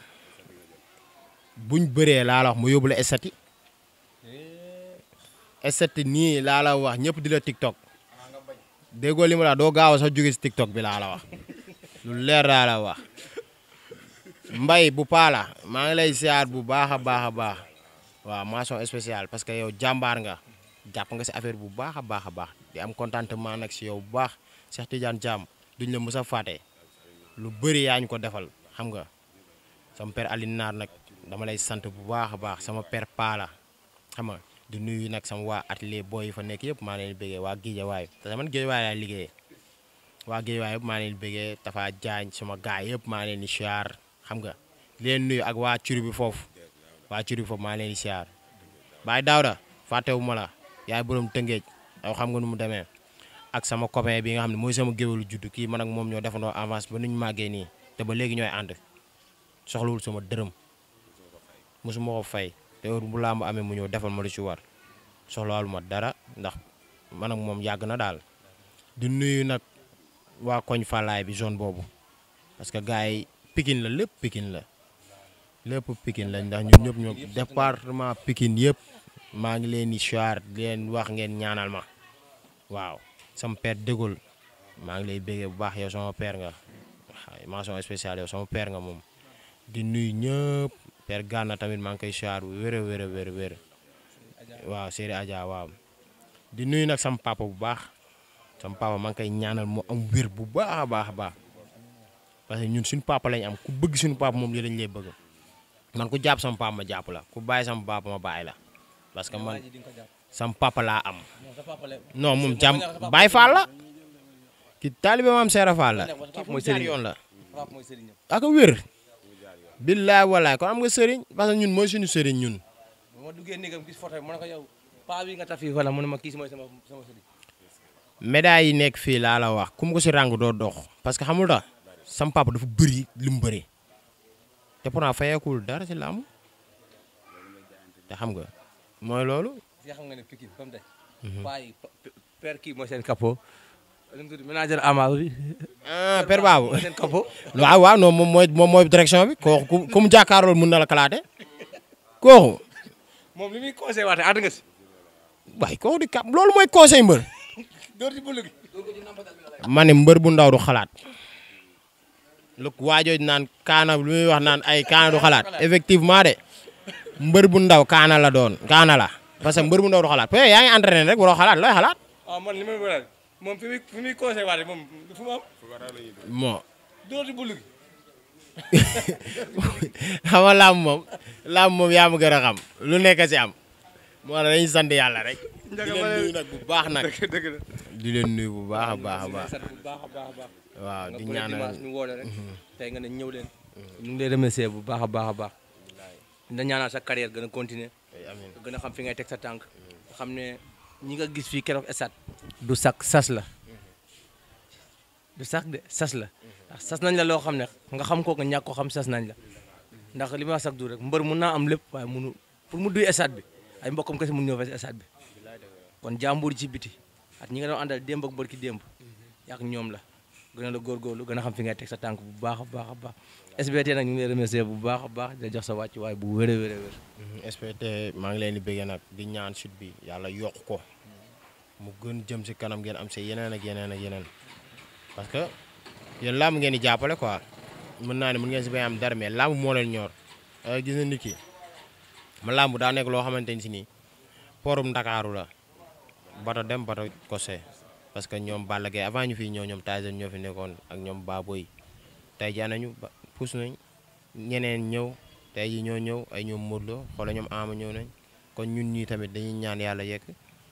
buñ bëree laa la wax mu yóbbu la eh. estati nii laa la wax ñëpp di la TikTok ah, déggoo li ma la doo gaaw sa jóge si TikTok bi laa la wax lu leer laa la wax mbay bu paala maa ngi lay siyaar bu baax a baax a baax. waaw mention spéciale parce que yow jàmbaar nga jàpp nga si affaire bu baax a baax a baax di am contentement nag si yow bu baax Cheikh Tidiane Thiam duñ la mës a faate lu bëri yaa ñu ko defal xam nga sama père Alioune nag dama lay sant bu baax a baax sama père Paala xam nga di nuyu nag sama waa atelier booy yi fa nekk yëpp maa leen bëggee waa Guédiawaye te man Guédiawaye laay liggéeyee waa Guédiawaye yëpp maa leen bëggee Tafa Diagne sama gaay yëpp maa leen di siyaar xam nga leen nuyu ak waa curu bi foofu. waa curi foofu maa leen di siyaar Baye Daouda fàttewu ma la yaay borom tëngeej yow xam nga nu mu demee ak sama copain bi nga xam ne mooy sama géwélu juddu kii man nag moom ñoo defandoo avance ba nu màggee nii te ba léegi ñooy ànd sama dërëm mosuma fay te heure bu làmb amee mu ñëw defal ma lu ci war soxlawul ma dara ndax man ak moom yàgg na daal di nuyu nag waa koñ Falaay bi zone boobu parce que gars yi la lépp Pikine la. lépp pikin lañ ndax ñun ñëpp ñoo département pikin yëpp maa ngi leen di soir di leen wax ngeen ñaanal ma waaw sama père dégul maa ngi lay béggee bu baax yow sama père nga waaw mention spéciale yow sama père nga moom di nuyu ñëpp père Gana tamit maa ngi koy soir bu wér a wér wér wér waaw Serigne Adja waaw di nuyu nag sama papa bu baax sama papa maa ngi koy ñaanal mu am wér bu baax a baax a baax parce que ñun suñu papa lañ am ku bëgg suñu papa moom li lañ lay bëgg man ku jàpp sama papa ma jàpp la ku bàyyi sama papa ma bàyyi la parce que man sama papa laa am non moom jàmm bàyyi faal la ki taalibe maam seera faal la mooy sëriñ yoon la ak a wér billaay walaay kon am nga sëriñ parce que ñun mooy suñu sëriñ ñun médailles yi nekk fii laa la wax ku mu si ràng doo dox parce que xamul tax sama papa dafa bëri li mu bëri te pourtant fayeekul dara ci làmb te xam nga mooy loolu. nga xam nga ne Pikine comme de. waaye père kii mooy seen capot. manager Ama bi. ah père bi kooku ku ku mu jàkkaarlool mun na la kalaate loolu mooy conseil mbër. dóor ci bëll gi. ma mbër bu ndaw du xalaat. lu waajoo naan kaana lu muy wax naan ay kaana xalaat effectivement de mbër bu ndaw kaana la doon kaana la parce que mbër bu ndaw du xalaat peut yaa ngi entraîné rek waroo xalaat looy xalaat. waaw ah, man li am. yaa ma lu nekk ci am. moo tax dañuy sant yàlla rek. baax nag. di bu baax a baax a waaw di ñaanal ñu woo la rek. Mm-hmm. tey nga ne ñëw leen. Mm-hmm. ñu ngi lay bu baax a baax a baax. da ñaanal sa carrière gën a continuer. amiin gën a xam fi ngay teg sa tànk. Mm-hmm. xam ne ñi nga gis fii keroog esat du sax sas la. du sax de sas la. sas nañ la loo xam ne nga xam ko nga ñàkk ko xam sas nañ la. ndax li ma sax du rek mbër mun naa am lépp waaye munu pour mu duy esat bi ay mbokkam kese mun ñëw fa si esat bi. kon jàmbur ci biti at ñi nga doon àndal demb ak mbër ki démb. yaa ñoom la. gën la góorgóorlu gën a xam fi ngay teg sa tànk bu baax baax baax SBT nag ñu ngi lay remercier bu baax a baax di jox sa wàccuwaay bu wér a wér mm-hmm. maa ngi leen di bëggee nag di ñaan site bi yàlla yokk ko mu gën jëm si kanam ngeen am si yeneen ak yeneen ak yeneen parce que yéen làmb ngeen di jàppale quoi mën naa ne mën ngeen si bay am dara mais moo leen ñor euh, gis na nit ki ma làmb daa nekk loo xamante ni si nii porum Ndakaaru la bata dem bata kose parce que ñoom Balla Gaye avant ñu fi ñëw ñoom Tyson ñoo fi nekkoon ak ñoom Baboy tey jii nañu ba pousse nañ ñeneen ñëw tey ñoo ñëw ay ñoom Modou Lo xoola ñoom Ama ñëw nañ kon ñun ñii tamit dañuy ñaan yàlla yegg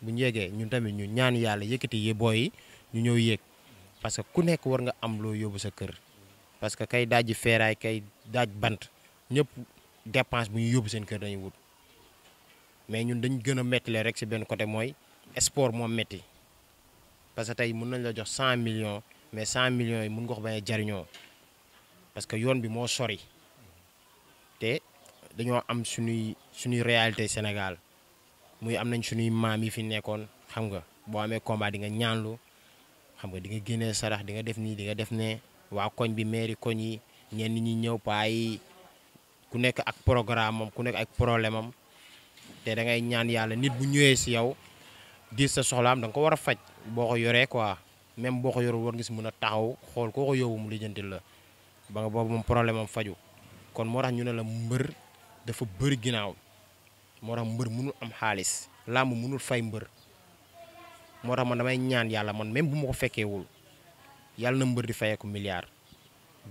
bu ñu yeggee ñun tamit ñu ñaan yàlla yëkkati yi booy ñu ñëw yéeg parce que ku nekk war nga am loo yóbbu sa kër parce que kay dajji feeraay kay daaj bant ñëpp dépense bu ñu yóbbu seen kër dañuy wut mais ñun dañ gën a metti le rek si benn côté mooy sport moom metti parce que tey mun nañ la jox cent million mais cent millions yi mun nga ko bañ a jariñoo parce que yoon bi moo sori te dañoo am suñuy suñuy réalité Sénégal muy am nañ suñuy maam yi fi nekkoon xam nga boo amee combat di nga ñaanlu xam nga di nga génnee sarax di nga def nii di nga def ne waa koñ bi mairie koñ yi ñenn ñi ñëw paa ku nekk ak programme am ku nekk ak problème am te da ngay ñaan yàlla nit bu ñëwee si yow. diis sa soxlaam da nga ko war a faj boo ko yoree quoi même boo ko yorul war nga si mën a taxaw xool koo ko yóbbu mu lijjantil la ba nga boobu moom problème am faju kon moo tax ñu ne la mbër dafa bëri ginnaaw moo tax mbër mënul am xaalis làmb mënul fay mbër moo tax man damay ñaan yàlla man même bu ma ko fekkeewul yàlla na mbër di fayeeku milliard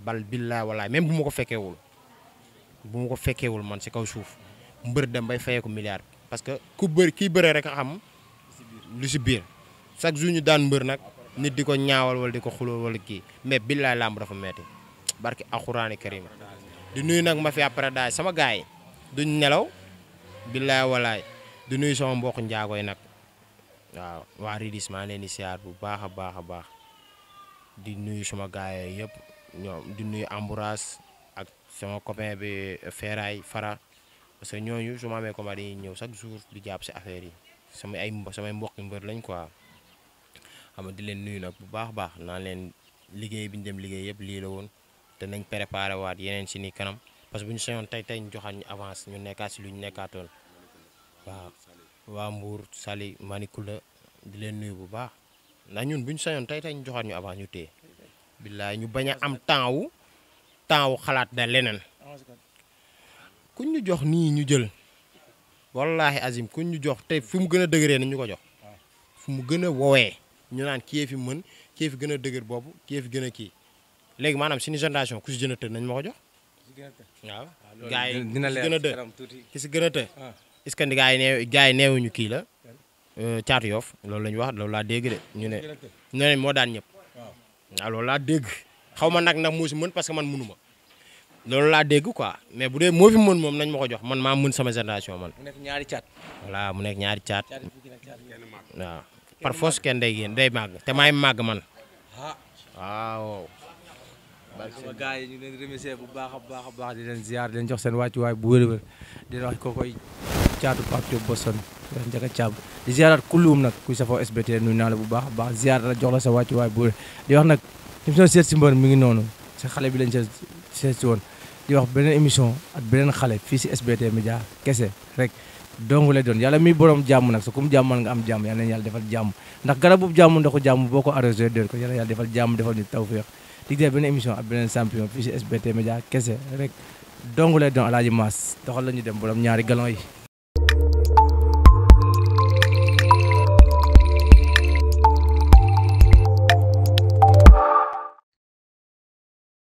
bal billaa walaay même bu ma ko fekkeewul bu ma ko fekkeewul man si kaw suuf mbër dem bay fayeeku milliard parce ku bëri kii bëree rek a xam lu si biir chaque jour ñu daan mbër nag nit di ko ñaawal wala di ko xuloo wala kii mais billaay làmb dafa metti barki alxuraani karim di nuyu nag mafia Paradise sama gars duñ nelaw billaay walaay di nuyu sama mbokk njaagoy nag waaw waa Ridis maa bu baax a baax a baax di nuyu sama gars yooyu yëpp ñoom di nuyu ambourage ak sama copain bi Feeraay Fara parce que ñooñu su ma ko combat di ñëw chaque jour di jàpp si affaire yi samay ay samay mbokk mbër lañ quoi xam nga di leen nuyu nag bu baax baax naa leen liggéey bi ñu dem liggéey yëpp lii la woon te nañ préparé waat yeneen si ni kanam parce que bu ñu sañoon tey tey ñu joxaat ñu avance ñu nekkaat si lu ñu nekkaatoon waaw waa Mbour Saly Manikula di leen nuyu bu baax ndax ñun bu ñu tey tey ñu joxaat ñu avance ñu téye billaay ñu bañ a am temps wu temps wu xalaat da leneen kuñ ñu jox nii ñu jël. wallaahi azim kuñ ñu jox tey fu mu gën a dëgëree nañ ñu ko jox fu mu gën a woowee ñu naan kii fi mën kii fi gën a dëgër boobu kii fi gën a kii léegi maanaam suñu génération ku si gën a të nañ moo ko jox waaw gaa yi dina leer gën ki si gën a ah, ah. yi nee gaa neewuñu kii la caatu euh, yoof loolu la ñu wax loolu laa dégg de ñu ne ñu ne moo daan ñëpp waaw ah. loolu laa dégg xaw ma nag nag moo si mën parce que man mënu ma loolu laa dégg quoi mais bu dee moo fi moom nañ ma ko jox man maa mën sama génération man. mu nekk ñaari caat. voilà mu nekk ñaari caat. waaw par force kenn day génn day màgg te maay màgg man. Ah. waaw. sama yi bu baax a baax a baax di leen ziar di jox seen wàccuwaay bu wér-wér di leen caatu Pape Diop Boston wax njëkk a caab di ziaraat kulluum nag kuy safoo la bu baax a baax ziar la jox la sa wàccuwaay bu wér di wax nag li mu seet si mbër mi ngi noonu sa xale bi lañ sa seet si woon. di wax beneen émission ak beneen xale fii si SBT Média kese rek donc lay doon yàlla mi borom jàmm nag su kum jàmmal nga am jàmm yal nañu yàlla defal jàmm ndax garabu jàmm ndoxu jàmm boo ko arrosé doon ko yàlla yàlla defal jàmm defal ñu tawfeex di def beneen émission ak beneen champion fii si SBT Média kese rek donc lay doon alaaji Maas doxal la ñu dem borom ñaari galon yi